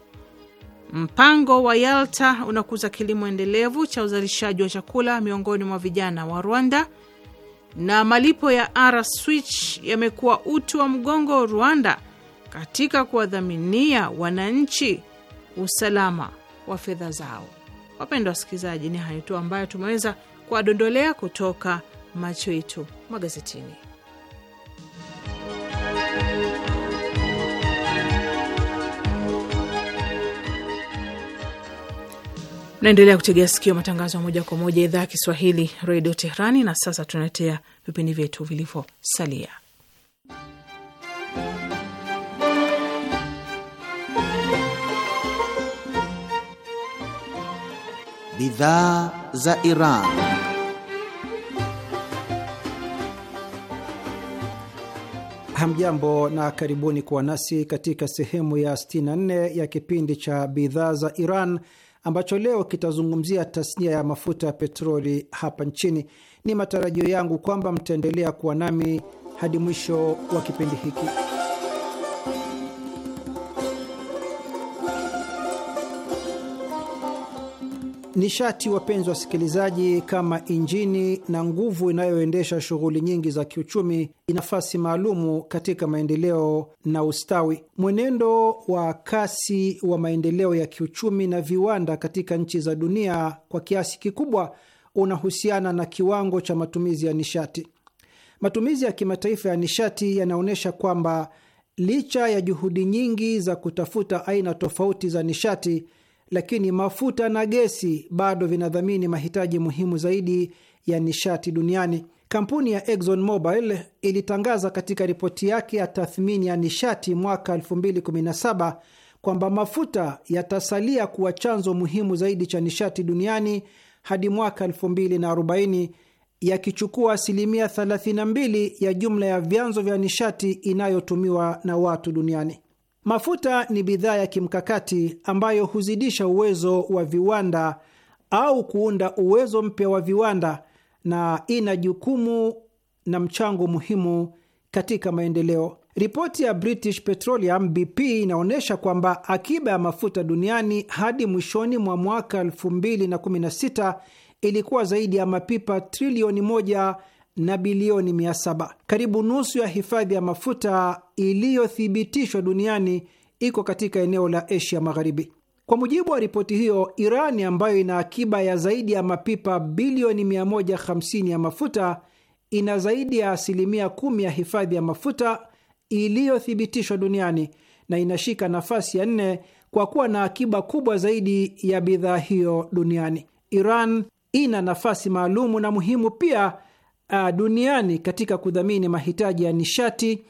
Mpango wa Yalta unakuza kilimo endelevu cha uzalishaji wa chakula miongoni mwa vijana wa Rwanda. Na malipo ya R Switch yamekuwa uti wa mgongo wa Rwanda katika kuwadhaminia wananchi usalama wa fedha zao. Wapendwa wasikilizaji, ni hayo tu ambayo tumeweza kuwadondolea kutoka macho yetu magazetini. Naendelea kutegea sikio matangazo ya moja kwa moja idhaa ya Kiswahili redio Teherani. Na sasa tunaletea vipindi vyetu vilivyosalia. Bidhaa za Iran. Hamjambo na karibuni kuwa nasi katika sehemu ya 64 ya kipindi cha bidhaa za Iran ambacho leo kitazungumzia tasnia ya mafuta ya petroli hapa nchini. Ni matarajio yangu kwamba mtaendelea kuwa nami hadi mwisho wa kipindi hiki. Nishati, wapenzi wasikilizaji, kama injini na nguvu inayoendesha shughuli nyingi za kiuchumi, ina nafasi maalumu katika maendeleo na ustawi. Mwenendo wa kasi wa maendeleo ya kiuchumi na viwanda katika nchi za dunia kwa kiasi kikubwa unahusiana na kiwango cha matumizi ya nishati. Matumizi ya kimataifa ya nishati yanaonyesha kwamba licha ya juhudi nyingi za kutafuta aina tofauti za nishati lakini mafuta na gesi bado vinadhamini mahitaji muhimu zaidi ya nishati duniani. Kampuni ya Exxon Mobil ilitangaza katika ripoti yake ya tathmini ya nishati mwaka 2017 kwamba mafuta yatasalia kuwa chanzo muhimu zaidi cha nishati duniani hadi mwaka 2040 yakichukua asilimia 32 ya jumla ya vyanzo vya nishati inayotumiwa na watu duniani. Mafuta ni bidhaa ya kimkakati ambayo huzidisha uwezo wa viwanda au kuunda uwezo mpya wa viwanda na ina jukumu na mchango muhimu katika maendeleo. Ripoti ya British Petroleum BP inaonyesha kwamba akiba ya mafuta duniani hadi mwishoni mwa mwaka 2016 ilikuwa zaidi ya mapipa trilioni moja na bilioni 700. Karibu nusu ya hifadhi ya mafuta iliyothibitishwa duniani iko katika eneo la Asia Magharibi. Kwa mujibu wa ripoti hiyo, Irani ambayo ina akiba ya zaidi ya mapipa bilioni 150 ya mafuta ina zaidi ya asilimia kumi ya hifadhi ya mafuta iliyothibitishwa duniani na inashika nafasi ya nne kwa kuwa na akiba kubwa zaidi ya bidhaa hiyo duniani. Iran ina nafasi maalumu na muhimu pia uh, duniani katika kudhamini mahitaji ya nishati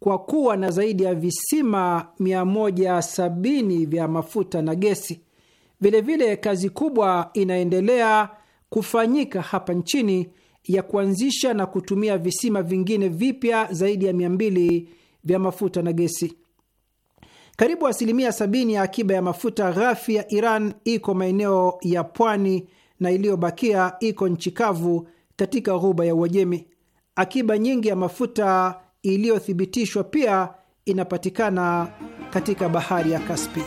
kwa kuwa na zaidi ya visima 170 vya mafuta na gesi. Vilevile, kazi kubwa inaendelea kufanyika hapa nchini ya kuanzisha na kutumia visima vingine vipya zaidi ya 200 vya mafuta na gesi. Karibu asilimia sb ya akiba ya mafuta ghafi ya Iran iko maeneo ya pwani na iliyobakia iko nchi kavu katika ghuba ya Uajemi. Akiba nyingi ya mafuta iliyothibitishwa pia inapatikana katika bahari ya Kaspi.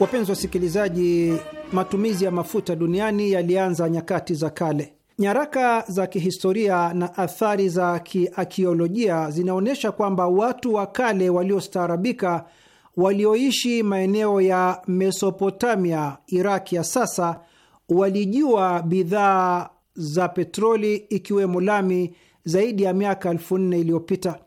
Wapenzi wasikilizaji, matumizi ya mafuta duniani yalianza nyakati za kale. Nyaraka za kihistoria na athari za kiakiolojia zinaonyesha kwamba watu wa kale waliostaarabika walioishi maeneo ya Mesopotamia, iraq ya sasa, walijua bidhaa za petroli ikiwemo lami zaidi ya miaka elfu nne iliyopita.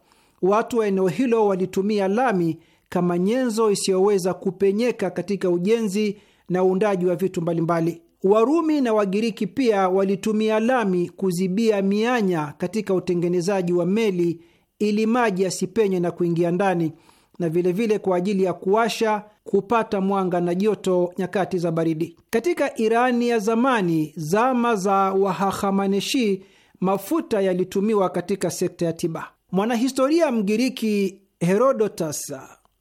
Watu wa eneo hilo walitumia lami kama nyenzo isiyoweza kupenyeka katika ujenzi na uundaji wa vitu mbalimbali. Warumi na Wagiriki pia walitumia lami kuzibia mianya katika utengenezaji wa meli ili maji yasipenye na kuingia ndani na vilevile vile kwa ajili ya kuwasha, kupata mwanga na joto nyakati za baridi. Katika Irani ya zamani, zama za Wahahamaneshi, mafuta yalitumiwa katika sekta ya tiba. Mwanahistoria Mgiriki Herodotus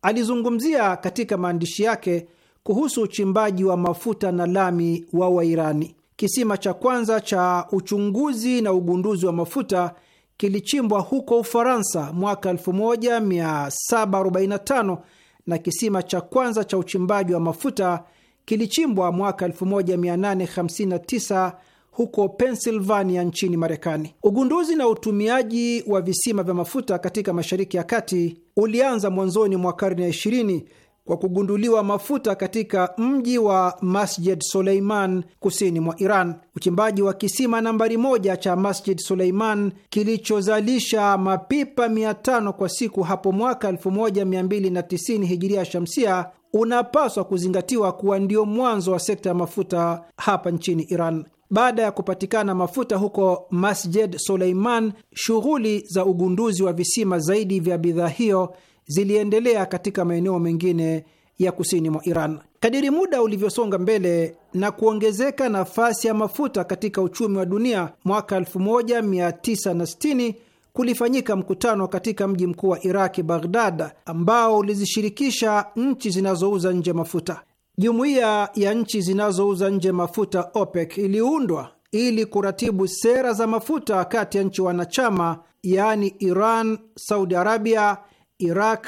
alizungumzia katika maandishi yake kuhusu uchimbaji wa mafuta na lami wa Wairani. Kisima cha kwanza cha uchunguzi na ugunduzi wa mafuta kilichimbwa huko Ufaransa mwaka 1745 na kisima cha kwanza cha uchimbaji wa mafuta kilichimbwa mwaka 1859 huko Pennsylvania nchini Marekani. Ugunduzi na utumiaji wa visima vya mafuta katika Mashariki ya Kati ulianza mwanzoni mwa karne ya 20 kwa kugunduliwa mafuta katika mji wa Masjid Suleiman kusini mwa Iran. Uchimbaji wa kisima nambari moja cha Masjid Suleiman kilichozalisha mapipa 500 kwa siku hapo mwaka 1290 hijiria shamsia unapaswa kuzingatiwa kuwa ndio mwanzo wa sekta ya mafuta hapa nchini Iran. Baada ya kupatikana mafuta huko Masjid Suleiman, shughuli za ugunduzi wa visima zaidi vya bidhaa hiyo ziliendelea katika maeneo mengine ya kusini mwa Iran. Kadiri muda ulivyosonga mbele na kuongezeka nafasi ya mafuta katika uchumi wa dunia, mwaka 1960 kulifanyika mkutano katika mji mkuu wa Iraki, Baghdad, ambao ulizishirikisha nchi zinazouza nje mafuta. Jumuiya ya nchi zinazouza nje mafuta OPEC iliundwa ili kuratibu sera za mafuta kati ya nchi wanachama, yaani Iran, Saudi Arabia, Iraq,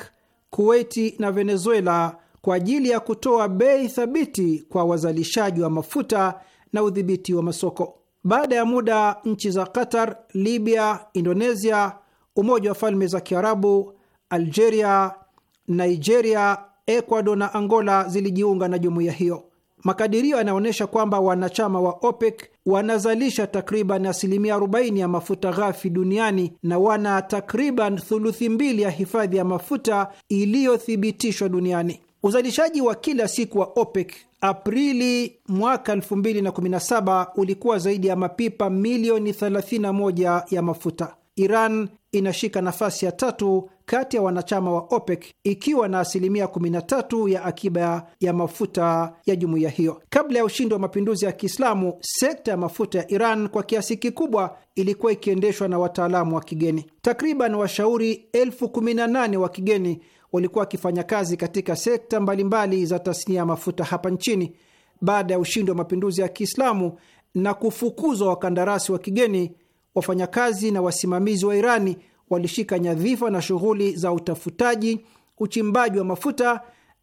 Kuweti na Venezuela kwa ajili ya kutoa bei thabiti kwa wazalishaji wa mafuta na udhibiti wa masoko. Baada ya muda, nchi za Qatar, Libya, Indonesia, Umoja wa Falme za Kiarabu, Algeria, Nigeria, Ecuador na Angola zilijiunga na jumuiya hiyo. Makadirio yanaonyesha kwamba wanachama wa OPEC wanazalisha takriban asilimia 40 ya mafuta ghafi duniani na wana takriban thuluthi mbili ya hifadhi ya mafuta iliyothibitishwa duniani. Uzalishaji wa kila siku wa OPEC Aprili mwaka 2017 ulikuwa zaidi ya mapipa milioni 31 ya mafuta. Iran inashika nafasi ya tatu kati ya wanachama wa OPEC ikiwa na asilimia 13 ya akiba ya mafuta ya jumuiya hiyo. Kabla ya ushindi wa mapinduzi ya Kiislamu, sekta ya mafuta ya Iran kwa kiasi kikubwa ilikuwa ikiendeshwa na wataalamu wa kigeni. Takriban washauri elfu kumi na nane wa kigeni walikuwa wakifanya kazi katika sekta mbalimbali za tasnia ya mafuta hapa nchini. Baada ya ushindi wa mapinduzi ya Kiislamu na kufukuzwa wakandarasi wa kigeni wafanyakazi na wasimamizi wa Irani walishika nyadhifa na shughuli za utafutaji, uchimbaji wa mafuta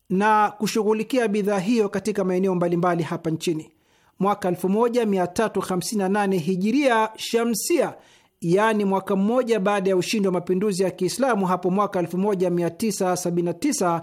na kushughulikia bidhaa hiyo katika maeneo mbalimbali hapa nchini. Mwaka 1358 hijiria shamsia, yaani mwaka mmoja baada ya ushindi wa mapinduzi ya Kiislamu hapo mwaka 1979,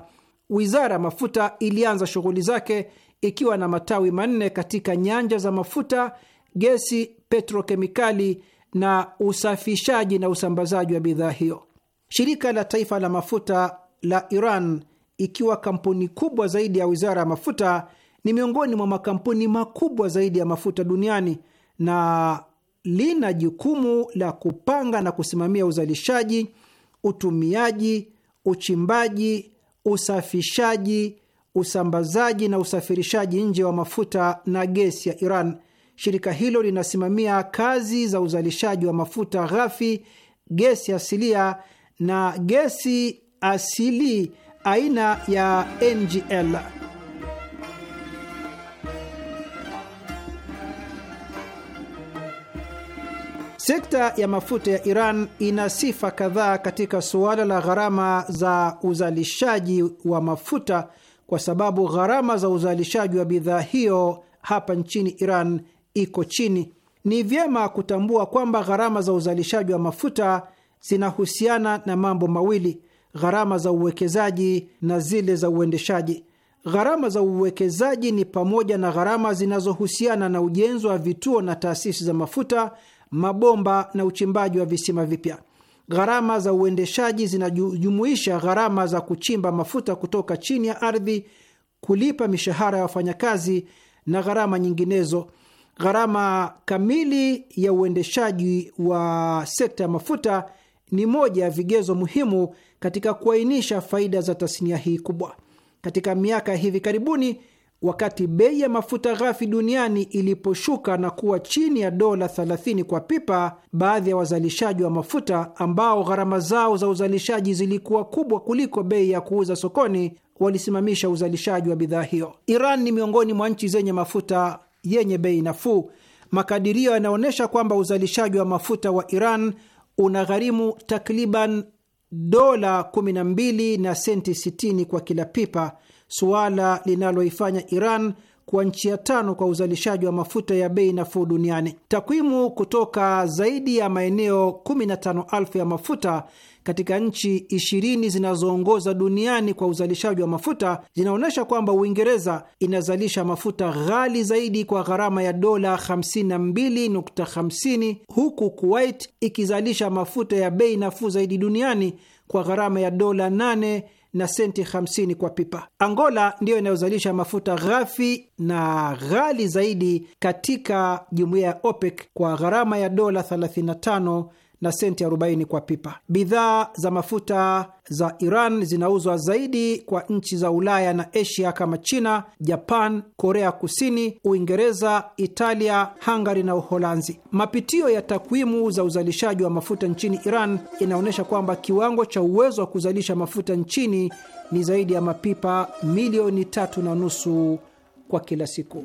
wizara ya mafuta ilianza shughuli zake ikiwa na matawi manne katika nyanja za mafuta, gesi, petrokemikali na usafishaji na usambazaji wa bidhaa hiyo. Shirika la Taifa la Mafuta la Iran, ikiwa kampuni kubwa zaidi ya wizara ya mafuta, ni miongoni mwa makampuni makubwa zaidi ya mafuta duniani na lina jukumu la kupanga na kusimamia uzalishaji, utumiaji, uchimbaji, usafishaji, usambazaji na usafirishaji nje wa mafuta na gesi ya Iran shirika hilo linasimamia kazi za uzalishaji wa mafuta ghafi, gesi asilia na gesi asili aina ya NGL. Sekta ya mafuta ya Iran ina sifa kadhaa katika suala la gharama za uzalishaji wa mafuta, kwa sababu gharama za uzalishaji wa bidhaa hiyo hapa nchini Iran iko chini. Ni vyema kutambua kwamba gharama za uzalishaji wa mafuta zinahusiana na mambo mawili: gharama za uwekezaji na zile za uendeshaji. Gharama za uwekezaji ni pamoja na gharama zinazohusiana na ujenzi wa vituo na taasisi za mafuta, mabomba na uchimbaji wa visima vipya. Gharama za uendeshaji zinajumuisha gharama za kuchimba mafuta kutoka chini ya ardhi, kulipa mishahara ya wafanyakazi na gharama nyinginezo Gharama kamili ya uendeshaji wa sekta ya mafuta ni moja ya vigezo muhimu katika kuainisha faida za tasnia hii kubwa. Katika miaka ya hivi karibuni, wakati bei ya mafuta ghafi duniani iliposhuka na kuwa chini ya dola 30 kwa pipa, baadhi ya wazalishaji wa mafuta ambao gharama zao za uzalishaji zilikuwa kubwa kuliko bei ya kuuza sokoni walisimamisha uzalishaji wa bidhaa hiyo. Iran ni miongoni mwa nchi zenye mafuta yenye bei nafuu. Makadirio yanaonyesha kwamba uzalishaji wa mafuta wa Iran unagharimu takriban dola 12 na senti 60 kwa kila pipa, suala linaloifanya Iran kuwa nchi ya tano kwa uzalishaji wa mafuta ya bei nafuu duniani. Takwimu kutoka zaidi ya maeneo 15,000 ya mafuta katika nchi ishirini zinazoongoza duniani kwa uzalishaji wa mafuta zinaonyesha kwamba Uingereza inazalisha mafuta ghali zaidi kwa gharama ya dola 52.50 huku Kuwait ikizalisha mafuta ya bei nafuu zaidi duniani kwa gharama ya dola 8 na senti 50 kwa pipa. Angola ndiyo inayozalisha mafuta ghafi na ghali zaidi katika jumuiya ya OPEC kwa gharama ya dola 35 na senti 40 kwa pipa. Bidhaa za mafuta za Iran zinauzwa zaidi kwa nchi za Ulaya na Asia kama China, Japan, Korea Kusini, Uingereza, Italia, Hungary na Uholanzi. Mapitio ya takwimu za uzalishaji wa mafuta nchini Iran inaonyesha kwamba kiwango cha uwezo wa kuzalisha mafuta nchini ni zaidi ya mapipa milioni tatu na nusu kwa kila siku.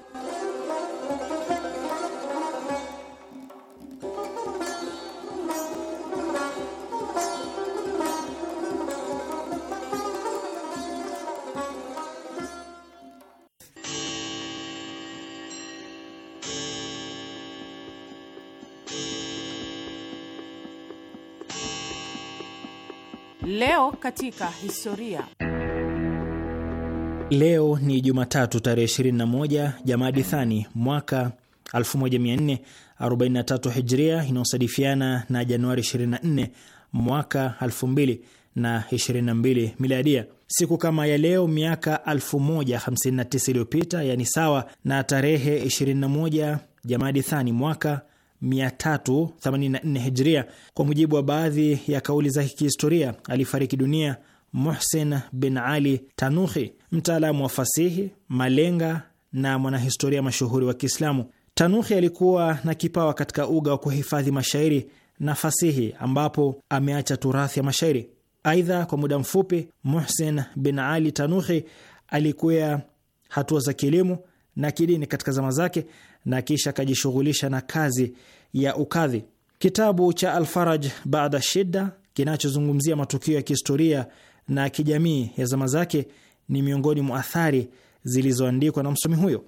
Leo katika historia. Leo ni Jumatatu tarehe 21 Jamadi Thani mwaka 1443 Hijria, inayosadifiana na Januari 24 mwaka 2022 Miladia. Siku kama ya leo miaka 1059 iliyopita, yani sawa na tarehe 21 Jamadi Thani mwaka 384 Hijria. Kwa mujibu wa baadhi ya kauli za kihistoria, alifariki dunia Muhsin bin Ali Tanuhi, mtaalamu wa fasihi, malenga na mwanahistoria mashuhuri wa Kiislamu. Tanuhi alikuwa na kipawa katika uga wa kuhifadhi mashairi na fasihi, ambapo ameacha turathi ya mashairi. Aidha, kwa muda mfupi Muhsin bin Ali Tanuhi alikuwa hatua za kielimu na kidini katika zama zake na kisha akajishughulisha na kazi ya ukadhi. Kitabu cha Alfaraj Bada shida kinachozungumzia matukio ya kihistoria na kijamii ya zama zake ni miongoni mwa athari zilizoandikwa na msomi huyo.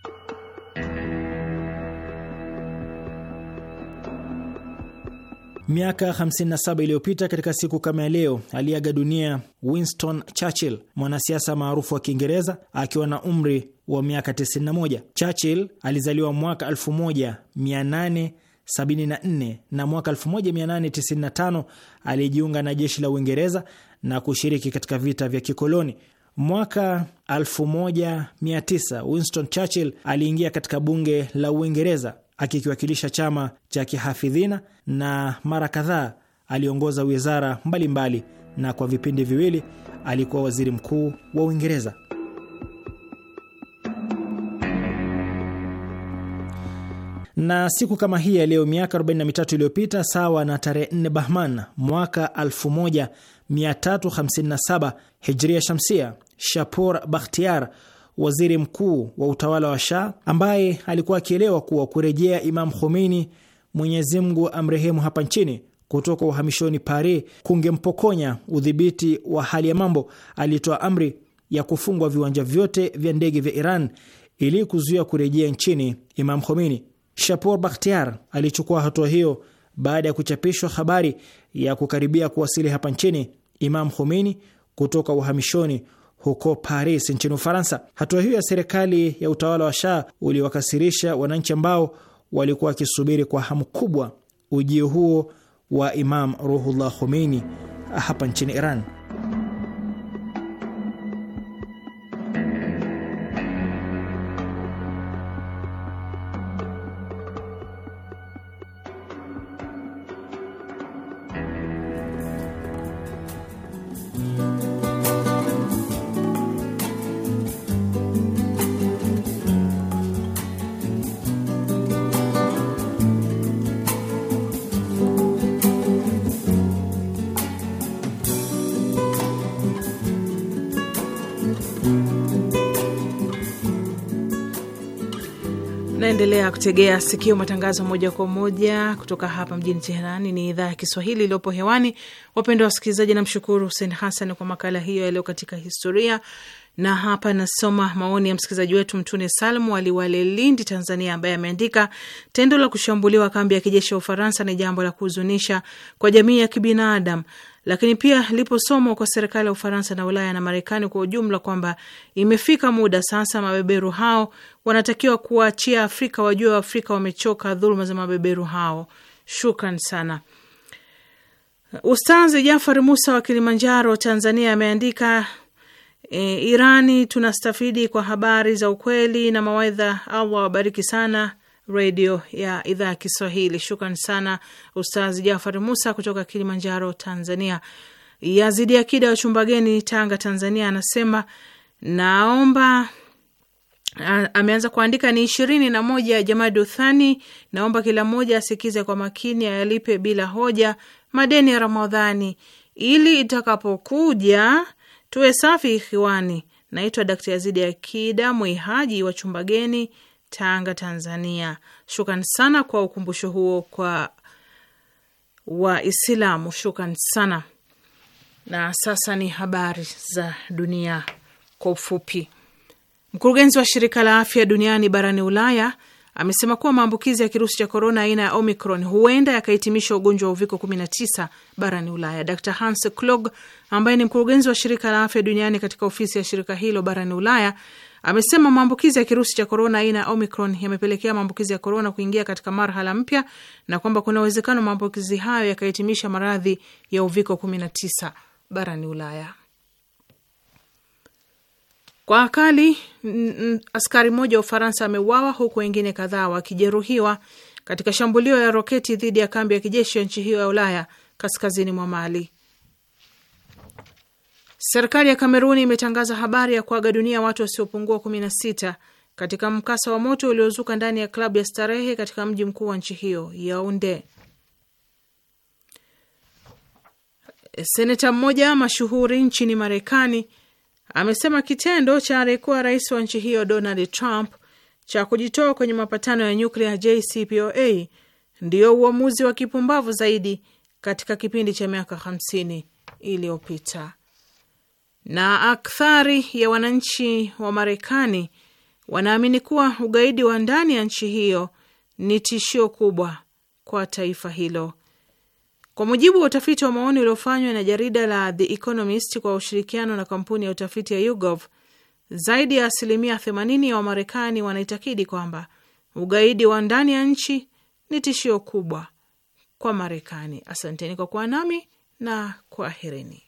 Miaka 57 iliyopita katika siku kama ya leo aliaga dunia Winston Churchill, mwanasiasa maarufu wa Kiingereza akiwa na umri wa miaka 91. Churchill alizaliwa mwaka 1874 na mwaka 1895 alijiunga na jeshi la Uingereza na kushiriki katika vita vya kikoloni. Mwaka 1900 Winston Churchill aliingia katika bunge la Uingereza akikiwakilisha chama cha kihafidhina na mara kadhaa aliongoza wizara mbalimbali mbali, na kwa vipindi viwili alikuwa waziri mkuu wa Uingereza. Na siku kama hii ya leo miaka 43 iliyopita, sawa na tarehe 4 Bahman mwaka 1357 Hijria Shamsia, Shapor Bakhtiar, waziri mkuu wa utawala wa Shah, ambaye alikuwa akielewa kuwa kurejea Imam Khomeini, Mwenyezi Mungu amrehemu, hapa nchini kutoka uhamishoni Paris kungempokonya udhibiti wa hali ya mambo, alitoa amri ya kufungwa viwanja vyote vya ndege vya Iran ili kuzuia kurejea nchini Imam Khomeini. Shapor Bakhtiar alichukua hatua hiyo baada ya kuchapishwa habari ya kukaribia kuwasili hapa nchini Imam Khomeini kutoka uhamishoni huko Paris nchini Ufaransa. Hatua hiyo ya serikali ya utawala wa Shah uliwakasirisha wananchi ambao walikuwa wakisubiri kwa hamu kubwa ujio huo wa Imam Ruhullah Khomeini hapa nchini Iran. Mnaendelea kutegea sikio matangazo moja kwa moja kutoka hapa mjini Teherani. Ni idhaa ya Kiswahili iliyopo hewani. Wapendwa wasikilizaji, namshukuru Hussein Hassan kwa makala hiyo yaliyo katika historia, na hapa nasoma maoni ya msikilizaji wetu Mtune Salmu Aliwale, Lindi, Tanzania, ambaye ameandika tendo la kushambuliwa kambi ya kijeshi ya Ufaransa ni jambo la kuhuzunisha kwa jamii ya kibinadamu, lakini pia lipo somo kwa serikali ya Ufaransa na Ulaya na Marekani kwa ujumla kwamba imefika muda sasa mabeberu hao wanatakiwa kuwaachia Afrika, wajue Waafrika wamechoka dhuluma za mabeberu hao. Shukran sana. Ustazi Jafari Musa wa Kilimanjaro, Tanzania, ameandika e, Irani tunastafidi kwa habari za ukweli na mawaidha. Allah wabariki sana redio ya idhaa ya Kiswahili. Shukran sana Ustazi Jafar Musa kutoka Kilimanjaro, Tanzania. Yazidi Akida wa Chumbageni, Tanga, Tanzania, anasema naomba ameanza kuandika ni ishirini na moja Jamadi Uthani, naomba kila mmoja asikize kwa makini, ayalipe bila hoja madeni ya Ramadhani ili itakapokuja tuwe safi ikiwani. Naitwa Dkt Yazidi Akida mwihaji wa Chumbageni, Tanga, Tanzania. Shukran sana kwa ukumbusho huo kwa Waislamu, shukran sana. Na sasa ni habari za dunia kwa ufupi. Mkurugenzi wa shirika la afya duniani barani Ulaya amesema kuwa maambukizi ya kirusi cha korona aina ya Omicron huenda yakahitimisha ugonjwa wa uviko 19 barani Ulaya. Dr Hans Klug ambaye ni mkurugenzi wa shirika la afya duniani katika ofisi ya shirika hilo barani Ulaya amesema maambukizi ya kirusi cha korona aina ya Omicron yamepelekea maambukizi ya korona kuingia katika marhala mpya na kwamba kuna uwezekano maambukizi hayo yakahitimisha maradhi ya uviko 19 barani Ulaya. Kwa akali askari mmoja wa Ufaransa ameuawa huku wengine kadhaa wakijeruhiwa katika shambulio ya roketi dhidi ya kambi ya kijeshi ya nchi hiyo ya Ulaya kaskazini mwa Mali. Serikali ya Kameruni imetangaza habari ya kuaga dunia watu wasiopungua 16 katika mkasa wa moto uliozuka ndani ya klabu ya starehe katika mji mkuu wa nchi hiyo Yaunde. Seneta mmoja mashuhuri nchini Marekani amesema kitendo cha aliyekuwa rais wa nchi hiyo Donald Trump cha kujitoa kwenye mapatano ya nyuklia JCPOA ndio uamuzi wa kipumbavu zaidi katika kipindi cha miaka 50 iliyopita na akthari ya wananchi wa Marekani wanaamini kuwa ugaidi wa ndani ya nchi hiyo ni tishio kubwa kwa taifa hilo. Kwa mujibu wa utafiti wa maoni uliofanywa na jarida la The Economist kwa ushirikiano na kampuni ya utafiti ya YouGov, zaidi ya asilimia 80 ya Wamarekani wanaitakidi kwamba ugaidi wa ndani ya nchi ni tishio kubwa kwa Marekani. Asanteni kwa kuwa nami na kwaherini.